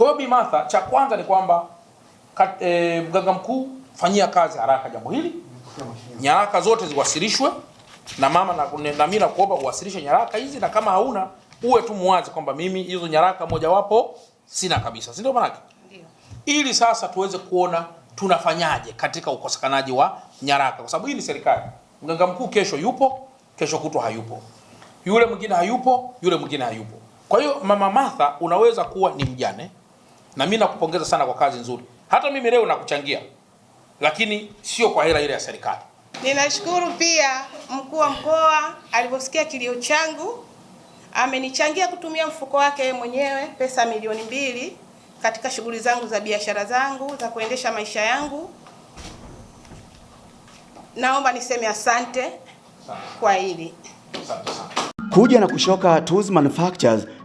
Kwa hiyo Bi Martha, cha kwanza ni kwamba e, mganga mkuu fanyia kazi haraka jambo hili, nyaraka zote ziwasilishwe na mama na, na mimi nakuomba uwasilishe nyaraka hizi, na kama hauna uwe tu muwazi kwamba mimi hizo nyaraka mojawapo sina kabisa, si ndio? Maanake ili sasa tuweze kuona tunafanyaje katika ukosekanaji wa nyaraka, kwa sababu hii ni serikali. Mganga mkuu kesho yupo, kesho kutwa hayupo, yule mwingine hayupo, yule mwingine hayupo. Kwa hiyo mama Martha unaweza kuwa ni mjane na mimi nakupongeza sana kwa kazi nzuri. Hata mimi leo nakuchangia, lakini sio kwa hela ile ya serikali. Ninashukuru pia mkuu wa mkoa aliposikia kilio changu, amenichangia kutumia mfuko wake mwenyewe pesa milioni mbili katika shughuli zangu za biashara zangu za kuendesha maisha yangu. Naomba niseme asante kwa hili. Kuja na kushoka Tools Manufactures